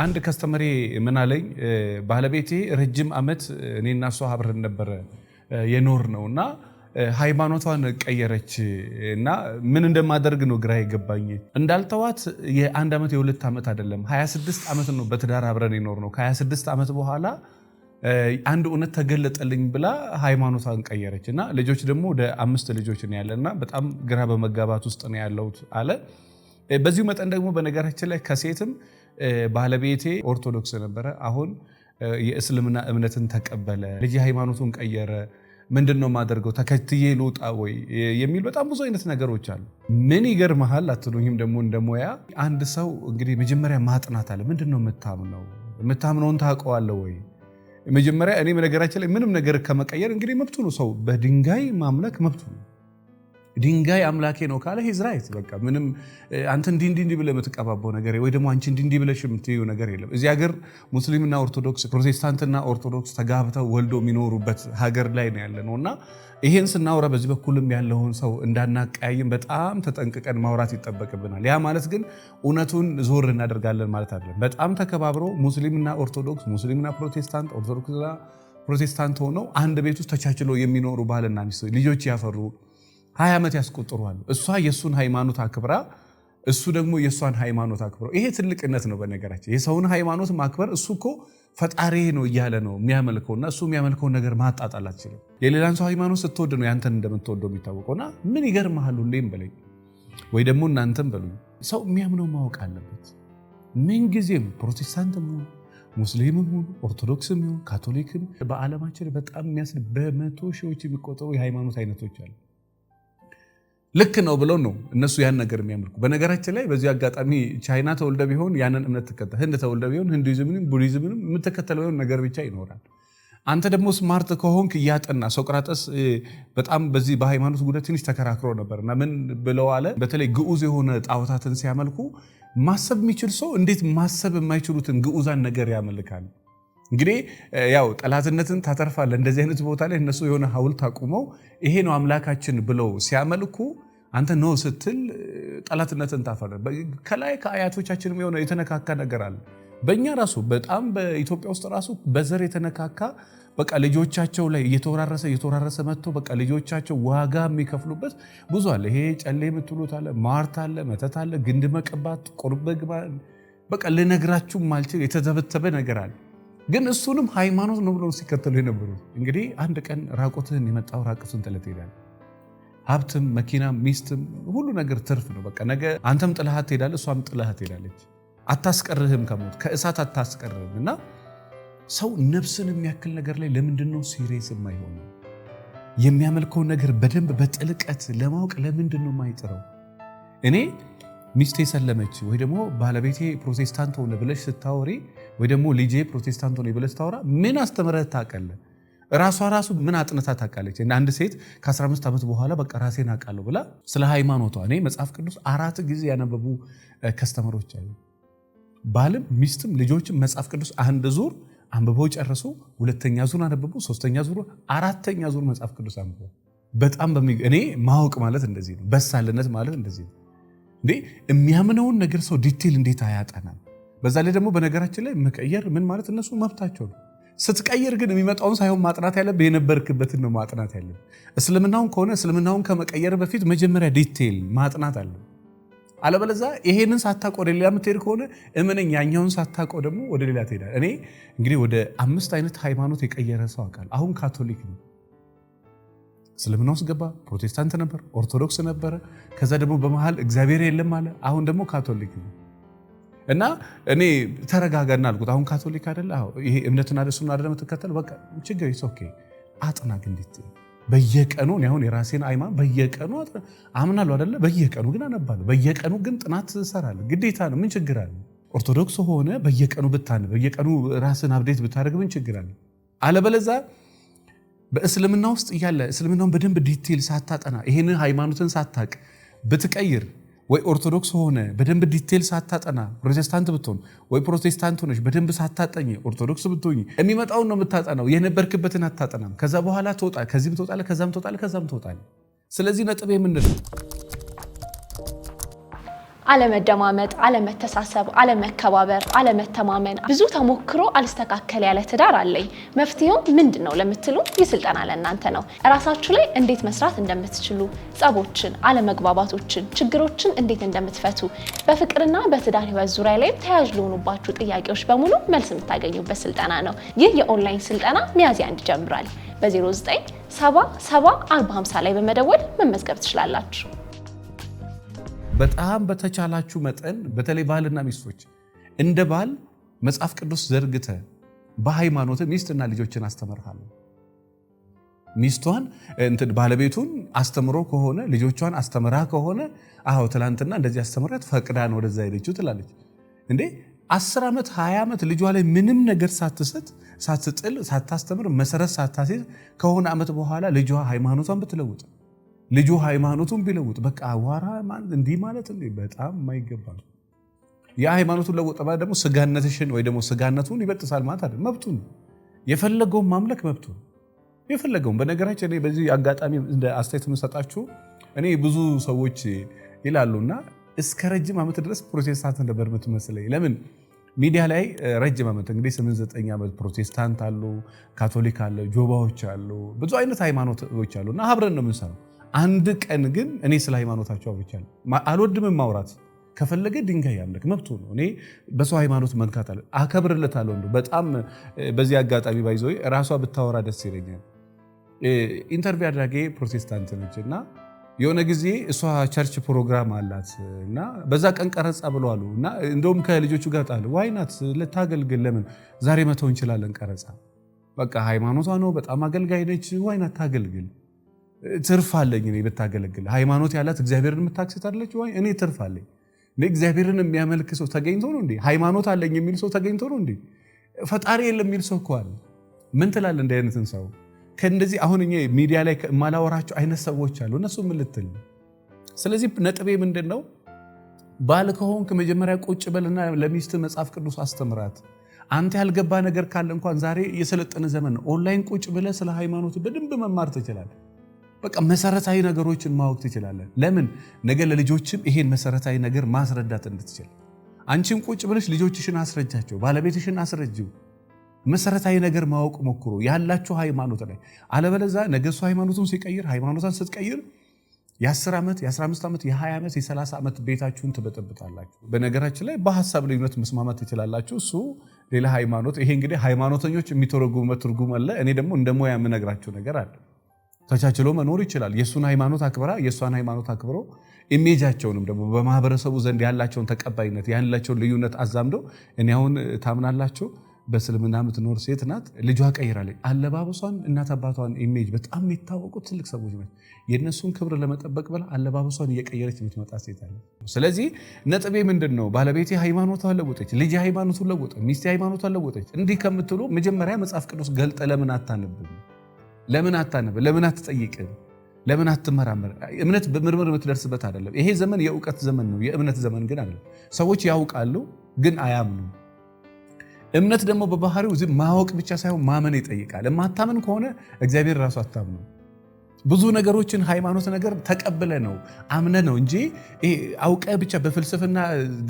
አንድ ከስተመሬ ምናለኝ ባለቤቴ ረጅም ዓመት እኔና እሷ አብረን ነበረ የኖር ነው እና ሃይማኖቷን ቀየረች እና ምን እንደማደርግ ነው ግራ የገባኝ። እንዳልተዋት የአንድ ዓመት የሁለት ዓመት አይደለም 26 ዓመት ነው በትዳር አብረን የኖር ነው። ከ26 ዓመት በኋላ አንድ እውነት ተገለጠልኝ ብላ ሃይማኖቷን ቀየረች እና ልጆች ደግሞ ወደ አምስት ልጆች ነው ያለ እና በጣም ግራ በመጋባት ውስጥ ነው ያለሁት አለ። በዚሁ መጠን ደግሞ በነገራችን ላይ ከሴትም ባለቤቴ ኦርቶዶክስ ነበረ። አሁን የእስልምና እምነትን ተቀበለ። ልጅ ሃይማኖቱን ቀየረ። ምንድን ነው የማደርገው? ተከትዬ ልውጣ ወይ የሚል በጣም ብዙ አይነት ነገሮች አሉ። ምን ይገርመሃል አትሉኝም? ደግሞ እንደ አንድ ሰው እንግዲህ መጀመሪያ ማጥናት አለ። ምንድን ነው የምታምነው? የምታምነውን ታውቀዋለህ ወይ? መጀመሪያ እኔ በነገራችን ላይ ምንም ነገር ከመቀየር እንግዲህ መብቱ ነው። ሰው በድንጋይ ማምለክ መብቱ ነው። ድንጋይ አምላኬ ነው ካለ ሂዝ ራይት። በቃ ምንም አንተ እንዲህ እንዲህ ብለህ የምትቀባበው ነገር ወይ ደግሞ አንቺ እንዲህ እንዲህ ብለሽ የምትይው ነገር የለም። እዚህ ሀገር ሙስሊምና ኦርቶዶክስ፣ ፕሮቴስታንትና ኦርቶዶክስ ተጋብተው ወልዶ የሚኖሩበት ሀገር ላይ ነው ያለ ነው እና ይሄን ስናወራ በዚህ በኩልም ያለውን ሰው እንዳናቀያይም በጣም ተጠንቅቀን ማውራት ይጠበቅብናል። ያ ማለት ግን እውነቱን ዞር እናደርጋለን ማለት አይደለም። በጣም ተከባብሮ ሙስሊምና ኦርቶዶክስ፣ ሙስሊምና ፕሮቴስታንት፣ ኦርቶዶክስና ፕሮቴስታንት ሆነው አንድ ቤት ውስጥ ተቻችሎ የሚኖሩ ባልና ሚስቶች ልጆች ያፈሩ ሀያ ዓመት ያስቆጥሯል። እሷ የእሱን ሃይማኖት አክብራ እሱ ደግሞ የእሷን ሃይማኖት አክብሮ፣ ይሄ ትልቅነት ነው። በነገራችን የሰውን ሃይማኖት ማክበር እሱ እኮ ፈጣሪ ነው እያለ ነው የሚያመልከውና እሱ የሚያመልከውን ነገር ማጣጣል አትችልም። የሌላን ሰው ሃይማኖት ስትወድ ነው ያንተን እንደምትወደው የሚታወቀውና ምን ይገርምሃል? ሁሌም በለኝ ወይ ደግሞ እናንተም በሉ። ሰው የሚያምነው ማወቅ አለበት። ምንጊዜም ፕሮቴስታንትም ሆኑ ሙስሊምም ሆኑ ኦርቶዶክስም ሆኑ ካቶሊክም በዓለማችን በጣም የሚያስል በመቶ ሺዎች የሚቆጠሩ የሃይማኖት አይነቶች አሉ። ልክ ነው ብለው ነው እነሱ ያን ነገር የሚያመልኩ። በነገራችን ላይ በዚህ አጋጣሚ ቻይና ተወልደ ቢሆን ያንን እምነት ትከተል፣ ህንድ ተወልደ ቢሆን ሂንዱይዝምንም ቡዲዝምንም የምትከተለው ነገር ብቻ ይኖራል። አንተ ደግሞ ስማርት ከሆንክ እያጠና ሶቅራጠስ በጣም በዚህ በሃይማኖት ጉዳይ ትንሽ ተከራክሮ ነበር እና ምን ብለው አለ፣ በተለይ ግዑዝ የሆነ ጣዖታትን ሲያመልኩ ማሰብ የሚችል ሰው እንዴት ማሰብ የማይችሉትን ግዑዛን ነገር ያመልካል? እንግዲህ ያው ጠላትነትን ታተርፋለህ። እንደዚህ አይነት ቦታ ላይ እነሱ የሆነ ሐውልት አቁመው ይሄ ነው አምላካችን ብለው ሲያመልኩ አንተ ኖ ስትል ጠላትነትን ታፈረ። ከላይ ከአያቶቻችንም የሆነ የተነካካ ነገር አለ። በእኛ ራሱ በጣም በኢትዮጵያ ውስጥ ራሱ በዘር የተነካካ በቃ ልጆቻቸው ላይ እየተወራረሰ እየተወራረሰ መጥቶ በቃ ልጆቻቸው ዋጋ የሚከፍሉበት ብዙ አለ። ይሄ ጨሌ የምትሉት አለ፣ ማርት አለ፣ መተት አለ፣ ግንድ መቀባት፣ ቁርበግባ በቃ ልነግራችሁ ማልችል የተተበተበ ነገር አለ። ግን እሱንም ሃይማኖት ነው ብሎ ሲከተሉ የነበሩት እንግዲህ አንድ ቀን ራቁትህን የመጣው ራቁቱን ጥለህ ሀብትም፣ መኪናም፣ ሚስትም ሁሉ ነገር ትርፍ ነው። በቃ ነገ አንተም ጥለሃት ትሄዳለህ፣ እሷም ጥለሃት ትሄዳለች። አታስቀርህም፣ ከሞት ከእሳት አታስቀርህም። እና ሰው ነፍስን የሚያክል ነገር ላይ ለምንድን ነው ሲሪየስ የማይሆነው? የሚያመልከውን ነገር በደንብ በጥልቀት ለማወቅ ለምንድን ነው የማይጥረው? እኔ ሚስቴ ሰለመች ወይ ደግሞ ባለቤቴ ፕሮቴስታንት ሆነ ብለሽ ስታወሪ ወይ ደግሞ ልጄ ፕሮቴስታንት ሆነ ብለሽ ስታወራ ምን አስተምረህ ታውቃለህ? ራሷ ራሱ ምን አጥንታ ታውቃለች? እና አንድ ሴት ከ15 ዓመት በኋላ በቃ ራሴን አውቃለሁ ብላ ስለ ሃይማኖቷ እኔ መጽሐፍ ቅዱስ አራት ጊዜ ያነበቡ ከስተመሮች አሉ። ባልም ሚስትም ልጆችም መጽሐፍ ቅዱስ አንድ ዙር አንብበው ጨርሱ፣ ሁለተኛ ዙር አነበቡ፣ ሶስተኛ ዙር፣ አራተኛ ዙር መጽሐፍ ቅዱስ አንብበው በጣም እኔ ማወቅ ማለት እንደዚህ ነው። በሳልነት ማለት እንደዚህ ነው። እንዴ የሚያምነውን ነገር ሰው ዲቴል እንዴት አያጠናም? በዛ ላይ ደግሞ በነገራችን ላይ መቀየር ምን ማለት እነሱ መብታቸው ነው። ስትቀይር ግን የሚመጣውን ሳይሆን ማጥናት ያለብህ የነበርክበትን ነው ማጥናት ያለ። እስልምናውን ከሆነ እስልምናውን ከመቀየር በፊት መጀመሪያ ዲቴል ማጥናት አለ። አለበለዛ ይሄንን ሳታውቅ ወደ ሌላ የምትሄድ ከሆነ እመነኝ፣ ያኛውን ሳታውቅ ደግሞ ወደ ሌላ ትሄዳል። እኔ እንግዲህ ወደ አምስት አይነት ሃይማኖት የቀየረ ሰው አውቃለሁ። አሁን ካቶሊክ ነው እስልምና ውስጥ ገባ። ፕሮቴስታንት ነበር፣ ኦርቶዶክስ ነበረ። ከዛ ደግሞ በመሃል እግዚአብሔር የለም አለ። አሁን ደግሞ ካቶሊክ ነው እና እኔ ተረጋጋና አልኩት። አሁን ካቶሊክ አደለ? ይሄ እምነትና ደሱን አደለ የምትከተል በቃ ችግር ኦኬ፣ አጥና ግንዲት በየቀኑ አሁን የራሴን ሃይማኖት በየቀኑ አምናለሁ አደለ? በየቀኑ ግን አነባለሁ፣ በየቀኑ ግን ጥናት እሰራለሁ። ግዴታ ነው። ምን ችግር አለ? ኦርቶዶክስ ሆነ በየቀኑ ብታነ በየቀኑ ራስን አብዴት ብታደርግ ምን ችግር አለ? አለበለዛ በእስልምና ውስጥ እያለ እስልምናውን በደንብ ዲቴል ሳታጠና ይሄንን ሃይማኖትን ሳታቅ ብትቀይር ወይ ኦርቶዶክስ ሆነ በደንብ ዲቴል ሳታጠና ፕሮቴስታንት ብትሆን ወይ ፕሮቴስታንት ሆነች በደንብ ሳታጠኝ ኦርቶዶክስ ብትሆኝ የሚመጣውን ነው የምታጠናው። የነበርክበትን አታጠናም። ከዛ በኋላ ትወጣ ከዚህም ትወጣለ፣ ከዛም ትወጣለ፣ ከዛም ትወጣለ። ስለዚህ ነጥብ የምንለው አለመደማመጥ፣ አለመተሳሰብ፣ አለመከባበር፣ አለመተማመን ብዙ ተሞክሮ አልስተካከል ያለ ትዳር አለኝ። መፍትሄው ምንድን ነው ለምትሉ ይህ ስልጠና ለእናንተ ነው። እራሳችሁ ላይ እንዴት መስራት እንደምትችሉ፣ ጸቦችን፣ አለመግባባቶችን፣ ችግሮችን እንዴት እንደምትፈቱ፣ በፍቅርና በትዳር ህይወት ዙሪያ ላይም ተያያዥ ለሆኑባችሁ ጥያቄዎች በሙሉ መልስ የምታገኙበት ስልጠና ነው። ይህ የኦንላይን ስልጠና ሚያዝያ አንድ ይጀምራል። በ0977 4050 ላይ በመደወል መመዝገብ ትችላላችሁ። በጣም በተቻላችሁ መጠን በተለይ ባልና ሚስቶች እንደ ባል መጽሐፍ ቅዱስ ዘርግተ በሃይማኖት ሚስትና ልጆችን አስተምርሃለሁ። ሚስቷን ባለቤቱን አስተምሮ ከሆነ ልጆቿን አስተምራ ከሆነ አዎ ትላንትና እንደዚህ አስተምራት ፈቅዳን ወደዛ ሄደችው ትላለች እንዴ አስር ዓመት ሀያ ዓመት ልጇ ላይ ምንም ነገር ሳትሰጥ ሳትጥል ሳታስተምር መሰረት ሳታሴዝ ከሆነ ዓመት በኋላ ልጇ ሃይማኖቷን ብትለውጥ ልጁ ሃይማኖቱን ቢለውጥ በቃ አዋራ እንዲህ ማለት በጣም የማይገባ ነው። ሃይማኖቱን ለውጥ ማለት ደግሞ ስጋነትሽን ወይ ደግሞ ስጋነቱን ይበጥሳል ማለት አይደለም። መብቱ ነው። የፈለገውን ማምለክ መብቱ ነው። የፈለገውን በነገራችን እኔ በዚህ አጋጣሚ እንደ አስተያየት የምሰጣችሁ እኔ ብዙ ሰዎች ይላሉና እስከ ረጅም ዓመት ድረስ ፕሮቴስታንት ነበር የምትመስለኝ። ለምን ሚዲያ ላይ ረጅም ዓመት እንግዲህ 89 ዓመት ፕሮቴስታንት አሉ፣ ካቶሊክ አለ፣ ጆባዎች አሉ፣ ብዙ አይነት ሃይማኖቶች አሉ እና አብረን ነው የምንሰራው አንድ ቀን ግን እኔ ስለ ሃይማኖታቸው አውርቻለሁ። አልወድምም ማውራት ከፈለገ ድንጋይ ያምልክ መብቱ ነው። እኔ በሰው ሃይማኖት መንካት አለ አከብርለታለሁ። እንደው በጣም በዚህ አጋጣሚ ባይዞ ራሷ ብታወራ ደስ ይለኛል። ኢንተርቪው አድራጌ ፕሮቴስታንት ነች እና የሆነ ጊዜ እሷ ቸርች ፕሮግራም አላት እና በዛ ቀን ቀረጻ ብለዋሉ እና እንደውም ከልጆቹ ጋር ጣል ዋይናት ልታገልግል ለምን ዛሬ መተው እንችላለን ቀረጻ በቃ ሃይማኖቷ ነው። በጣም አገልጋይ ነች። ዋይናት ታገልግል ትርፍ አለኝ እኔ ብታገለግል። ሃይማኖት ያላት እግዚአብሔርን የምታክስት አለች ወይ? እኔ ትርፍ አለኝ። እግዚአብሔርን የሚያመልክ ሰው ተገኝቶ ነው እንዴ? ሃይማኖት አለኝ የሚል ሰው ተገኝቶ ነው እንዴ? ፈጣሪ የለም የሚል ሰው እኮ አለ። ምን ትላለ? እንደ አይነትን ሰው ከእንደዚህ አሁን እኛ ሚዲያ ላይ ማላወራቸው አይነት ሰዎች አሉ። እነሱ ምን ልትል? ስለዚህ ነጥቤ ምንድን ነው? ባል ከሆንክ መጀመሪያ ቁጭ በልና ለሚስት መጽሐፍ ቅዱስ አስተምራት። አንተ ያልገባ ነገር ካለ እንኳን ዛሬ የሰለጠነ ዘመን ነው። ኦንላይን ቁጭ ብለ ስለ ሃይማኖት በደንብ መማር ትችላለህ። በቃ መሰረታዊ ነገሮችን ማወቅ ትችላለን። ለምን ነገ ለልጆችም ይሄን መሰረታዊ ነገር ማስረዳት እንድትችል። አንቺም ቁጭ ብለሽ ልጆችሽን አስረጃቸው፣ ባለቤትሽን አስረጅው። መሰረታዊ ነገር ማወቅ ሞክሩ ያላችሁ ሃይማኖት ላይ። አለበለዛ ነገ እሱ ሃይማኖቱን ሲቀይር፣ ሃይማኖቷን ስትቀይር የ10 ዓመት የ15 ዓመት የ20 ዓመት የ30 ዓመት ቤታችሁን ትበጠብጣላችሁ። በነገራችን ላይ በሀሳብ ልዩነት መስማማት ትችላላችሁ። እሱ ሌላ ሃይማኖት። ይሄ እንግዲህ ሃይማኖተኞች የሚተረጉመት ትርጉም አለ። እኔ ደግሞ እንደ ሙያ የምነግራችሁ ነገር አለ። ተቻችሎ መኖር ይችላል። የእሱን ሃይማኖት አክብራ የእሷን ሃይማኖት አክብሮ ኢሜጃቸውንም ደግሞ በማህበረሰቡ ዘንድ ያላቸውን ተቀባይነት ያላቸውን ልዩነት አዛምዶ እኔ አሁን ታምናላችሁ በእስልምና የምትኖር ሴት ናት። ልጇ ቀይራለች። አለባበሷን፣ እናት አባቷን ኢሜጅ በጣም የሚታወቁት ትልቅ ሰዎች ናቸው። የእነሱን ክብር ለመጠበቅ ብላ አለባበሷን እየቀየረች የምትመጣ ሴት አለ። ስለዚህ ነጥቤ ምንድን ነው? ባለቤቴ ሃይማኖቷን ለወጠች፣ ልጅ ሃይማኖቱን ለወጠ፣ ሚስቴ ሃይማኖቷን ለወጠች እንዲህ ከምትሉ መጀመሪያ መጽሐፍ ቅዱስ ገልጠ ለምን አታነብም? ለምን አታነብ? ለምን አትጠይቅ? ለምን አትመራመር? እምነት በምርምር የምትደርስበት አይደለም። ይሄ ዘመን የእውቀት ዘመን ነው፣ የእምነት ዘመን ግን አይደለም። ሰዎች ያውቃሉ፣ ግን አያምኑ። እምነት ደግሞ በባህሪው እዚህ ማወቅ ብቻ ሳይሆን ማመን ይጠይቃል። የማታምን ከሆነ እግዚአብሔር ራሱ አታምኑ። ብዙ ነገሮችን ሃይማኖት ነገር ተቀብለ ነው አምነ ነው እንጂ አውቀ ብቻ በፍልስፍና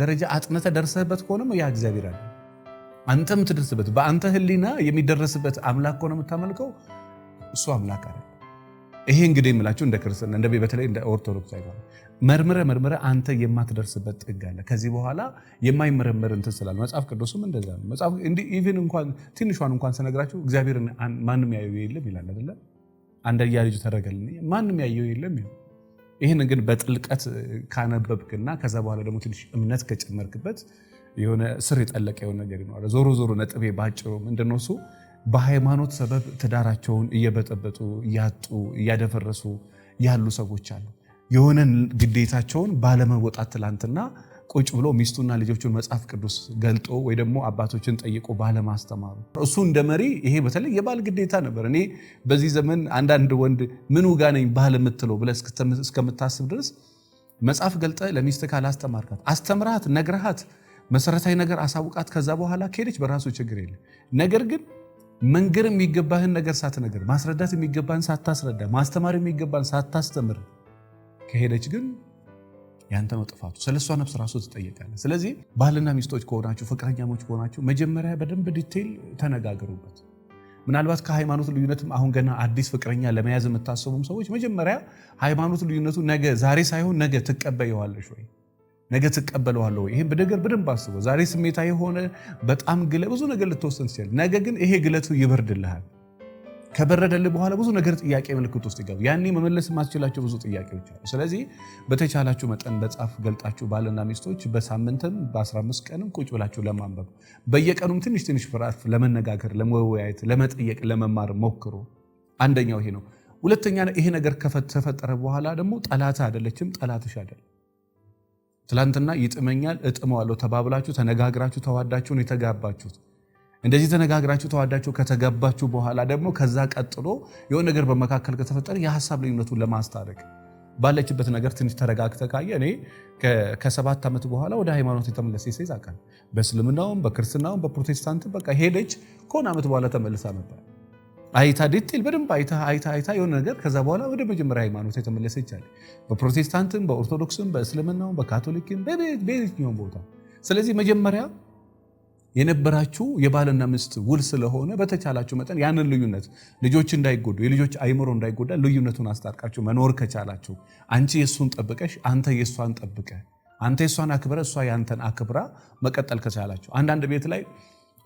ደረጃ አጥነተ ደርሰበት ከሆነ ያ እግዚአብሔር አለ አንተ የምትደርስበት በአንተ ህሊና የሚደረስበት አምላክ ከሆነ የምታመልከው እሱ አምላክ አይደለም። ይሄ እንግዲህ የምላችሁ እንደ ክርስትና እንደ በተለይ እንደ ኦርቶዶክስ አይባል መርምረ መርምረ አንተ የማትደርስበት ጥግ አለ። ከዚህ በኋላ የማይመረምር እንትን ስላለ መጽሐፍ ቅዱስም እንደዛ ነው። መጽሐፍ እንዲህ ኢቭን እንኳን ትንሿን እንኳን ስነግራችሁ እግዚአብሔርን ማንም ያየው የለም ይላል አይደለ? አንድያ ልጁ ተረገልን ማንም ያየው የለም ይላል። ይህን ግን በጥልቀት ካነበብክና ከዛ በኋላ ደግሞ ትንሽ እምነት ከጨመርክበት የሆነ ስር የጠለቀ የሆነ ነገር ይኖራል። ዞሮ ዞሮ ነጥቤ ባጭሩ ምንድን ነው እሱ በሃይማኖት ሰበብ ትዳራቸውን እየበጠበጡ እያጡ እያደፈረሱ ያሉ ሰዎች አሉ። የሆነን ግዴታቸውን ባለመወጣት ትላንትና ቁጭ ብሎ ሚስቱና ልጆቹን መጽሐፍ ቅዱስ ገልጦ ወይ ደግሞ አባቶችን ጠይቆ ባለማስተማሩ እሱ እንደ መሪ ይሄ በተለይ የባል ግዴታ ነበር። እኔ በዚህ ዘመን አንዳንድ ወንድ ምን ውጋ ነኝ ባል የምትለው ብለ እስከምታስብ ድረስ መጽሐፍ ገልጠ ለሚስት ካል አስተማርካት አስተምራት፣ ነግረሃት፣ መሰረታዊ ነገር አሳውቃት። ከዛ በኋላ ከሄደች በራሱ ችግር የለ ነገር ግን መንገር የሚገባህን ነገር ሳትነገር፣ ማስረዳት የሚገባህን ሳታስረዳ፣ ማስተማር የሚገባን ሳታስተምር ከሄደች ግን ያንተ ነው ጥፋቱ። ስለ እሷ ነፍስ ራሱ ትጠየቃለህ። ስለዚህ ባልና ሚስቶች ከሆናችሁ፣ ፍቅረኛሞች ከሆናችሁ መጀመሪያ በደንብ ዲቴይል ተነጋገሩበት። ምናልባት ከሃይማኖት ልዩነትም አሁን ገና አዲስ ፍቅረኛ ለመያዝ የምታስቡም ሰዎች መጀመሪያ ሃይማኖት ልዩነቱ ነገ ዛሬ ሳይሆን ነገ ትቀበየዋለሽ ወይ ነገ ትቀበለዋለሁ። ይህን በደገር በደንብ አስበው። ዛሬ ስሜታ የሆነ በጣም ግለ ብዙ ነገር ልትወሰን ሲል፣ ነገ ግን ይሄ ግለቱ ይበርድልሃል። ከበረደልህ በኋላ ብዙ ነገር ጥያቄ ምልክት ውስጥ ይገባል። ያኔ መመለስ የማስችላቸው ብዙ ጥያቄዎች አሉ። ስለዚህ በተቻላችሁ መጠን በጻፍ ገልጣችሁ ባልና ሚስቶች በሳምንትም በ15 ቀንም ቁጭ ብላችሁ ለማንበብ በየቀኑም ትንሽ ትንሽ ፍራፍ ለመነጋገር፣ ለመወያየት፣ ለመጠየቅ፣ ለመማር ሞክሩ። አንደኛው ይሄ ነው። ሁለተኛ ይሄ ነገር ተፈጠረ በኋላ ደግሞ ጠላት አይደለችም፣ ጠላትሽ አይደለም ትላንትና ይጥመኛል እጥመዋለሁ ተባብላችሁ ተነጋግራችሁ ነው የተጋባችሁት እንደዚህ ተነጋግራችሁ ተዋዳችሁ ከተጋባችሁ በኋላ ደግሞ ከዛ ቀጥሎ የሆነ ነገር በመካከል ከተፈጠረ የሀሳብ ልዩነቱን ለማስታረቅ ባለችበት ነገር ትንሽ ተረጋግተ ካየ እኔ ከሰባት ዓመት በኋላ ወደ ሃይማኖት የተመለሰ ሴት አውቃለሁ። በእስልምናውም በክርስትናውም በፕሮቴስታንትም በቃ ሄደች ከሆነ ዓመት በኋላ ተመልሳ ነበር። አይታ ዲቴል በደንብ አይታ አይታ አይታ የሆነ ነገር ከዛ በኋላ ወደ መጀመሪያ ሃይማኖት የተመለሰች አለ። በፕሮቴስታንትም፣ በኦርቶዶክስም፣ በእስልምናውም፣ በካቶሊክም በየትኛውም ቦታ። ስለዚህ መጀመሪያ የነበራችሁ የባልና ሚስት ውል ስለሆነ በተቻላችሁ መጠን ያንን ልዩነት ልጆች እንዳይጎዱ የልጆች አይምሮ እንዳይጎዳ ልዩነቱን አስታርቃችሁ መኖር ከቻላችሁ አንቺ የእሱን ጠብቀሽ አንተ የእሷን ጠብቀ አንተ የእሷን አክብረ እሷ ያንተን አክብራ መቀጠል ከቻላችሁ አንዳንድ ቤት ላይ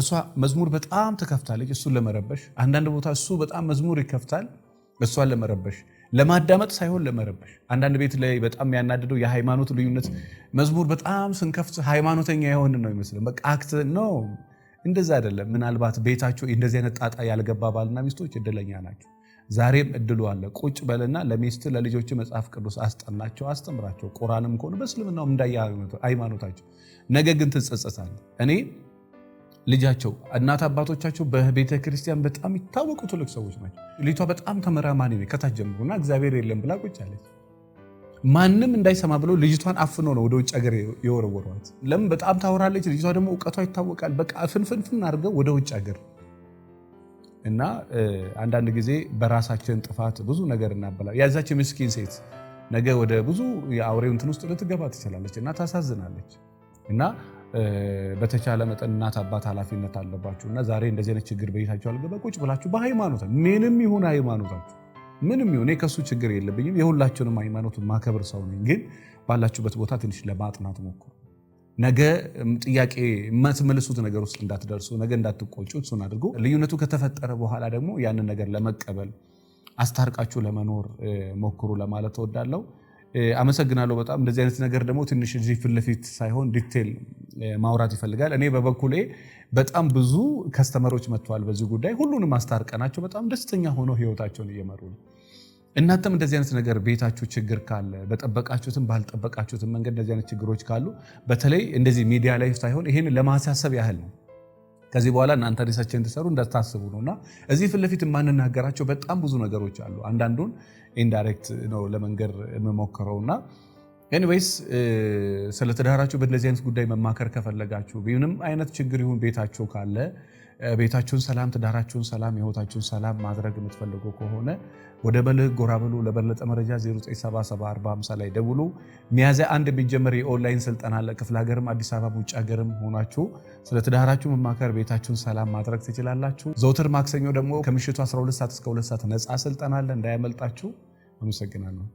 እሷ መዝሙር በጣም ትከፍታለች እሱን ለመረበሽ። አንዳንድ ቦታ እሱ በጣም መዝሙር ይከፍታል እሷን ለመረበሽ፣ ለማዳመጥ ሳይሆን ለመረበሽ። አንዳንድ ቤት ላይ በጣም ያናደደው የሃይማኖት ልዩነት መዝሙር በጣም ስንከፍት ሃይማኖተኛ የሆን ነው ይመስለን። በቃ አክት ነው፣ እንደዛ አይደለም። ምናልባት ቤታቸው እንደዚህ አይነት ጣጣ ያልገባ ባልና ሚስቶች እድለኛ ናቸው። ዛሬም እድሉ አለ። ቁጭ በልና ለሚስት ለልጆች መጽሐፍ ቅዱስ አስጠናቸው፣ አስተምራቸው። ቁራንም ከሆኑ በእስልምናው እንዳየ ሃይማኖታቸው። ነገ ግን ትጸጸታለህ እኔ ልጃቸው እናት አባቶቻቸው በቤተ ክርስቲያን በጣም ይታወቁ ትልቅ ሰዎች ናቸው። ልጅቷ በጣም ተመራማኒ ነው ከታች ጀምሮና እግዚአብሔር የለም ብላ ቁጭ አለች። ማንም እንዳይሰማ ብለው ልጅቷን አፍኖ ነው ወደ ውጭ ሀገር የወረወሯት። ለምን በጣም ታወራለች። ልጅቷ ደግሞ እውቀቷ ይታወቃል። በቃ ፍንፍንፍን አድርገው ወደ ውጭ ሀገር እና አንዳንድ ጊዜ በራሳችን ጥፋት ብዙ ነገር እናበላል። ያዛቸው ምስኪን ሴት ነገ ወደ ብዙ የአውሬው እንትን ውስጥ ልትገባ ትችላለች እና ታሳዝናለች እና በተቻለ መጠን እናት አባት ኃላፊነት አለባችሁ እና ዛሬ እንደዚህ አይነት ችግር በይታችሁ አልገባ ቁጭ ብላችሁ በሃይማኖት ምንም ይሁን ሃይማኖታችሁ ምንም ይሁን ከሱ ችግር የለብኝም። የሁላችሁንም ሃይማኖት ማከብር ሰው ነኝ። ግን ባላችሁበት ቦታ ትንሽ ለማጥናት ሞክሩ። ነገ ጥያቄ የማትመልሱት ነገር ውስጥ እንዳትደርሱ፣ ነገ እንዳትቆጩ፣ እሱን አድርጎ ልዩነቱ ከተፈጠረ በኋላ ደግሞ ያንን ነገር ለመቀበል አስታርቃችሁ ለመኖር ሞክሩ ለማለት እወዳለሁ። አመሰግናለሁ በጣም እንደዚህ አይነት ነገር ደግሞ ትንሽ እዚህ ፊት ለፊት ሳይሆን ዲቴል ማውራት ይፈልጋል። እኔ በበኩሌ በጣም ብዙ ከስተመሮች መጥተዋል በዚህ ጉዳይ ሁሉንም አስታርቀናቸው በጣም ደስተኛ ሆነው ህይወታቸውን እየመሩ ነው። እናንተም እንደዚህ አይነት ነገር ቤታችሁ ችግር ካለ በጠበቃችሁትም ባልጠበቃችሁትም መንገድ እንደዚህ አይነት ችግሮች ካሉ በተለይ እንደዚህ ሚዲያ ላይ ሳይሆን ይህን ለማሳሰብ ያህል ነው ከዚህ በኋላ እናንተ ሪሰርች እንድሰሩ እንዳታስቡ ነው። እና እዚህ ፊት ለፊት የማንናገራቸው በጣም ብዙ ነገሮች አሉ። አንዳንዱን ኢንዳይሬክት ነው ለመንገር የምሞክረው እና ኤኒዌይስ ስለ ትዳራችሁ በእንደዚህ አይነት ጉዳይ መማከር ከፈለጋችሁ ምንም አይነት ችግር ይሁን ቤታችሁ ካለ ቤታችሁን ሰላም፣ ትዳራችሁን ሰላም፣ የህይወታችሁን ሰላም ማድረግ የምትፈልጉ ከሆነ ወደ መልሕቅ ጎራ ብሉ። ለበለጠ መረጃ 097745 ላይ ደውሉ። ሚያዝያ አንድ የሚጀመር የኦንላይን ስልጠና አለ። ክፍለ ሀገርም አዲስ አበባ ውጭ ሀገርም ሆናችሁ ስለ ትዳራችሁ መማከር፣ ቤታችሁን ሰላም ማድረግ ትችላላችሁ። ዘውትር ማክሰኞ ደግሞ ከምሽቱ 12 ሰዓት እስከ 2 ሰዓት ነፃ ስልጠና አለ፣ እንዳያመልጣችሁ። አመሰግናለሁ።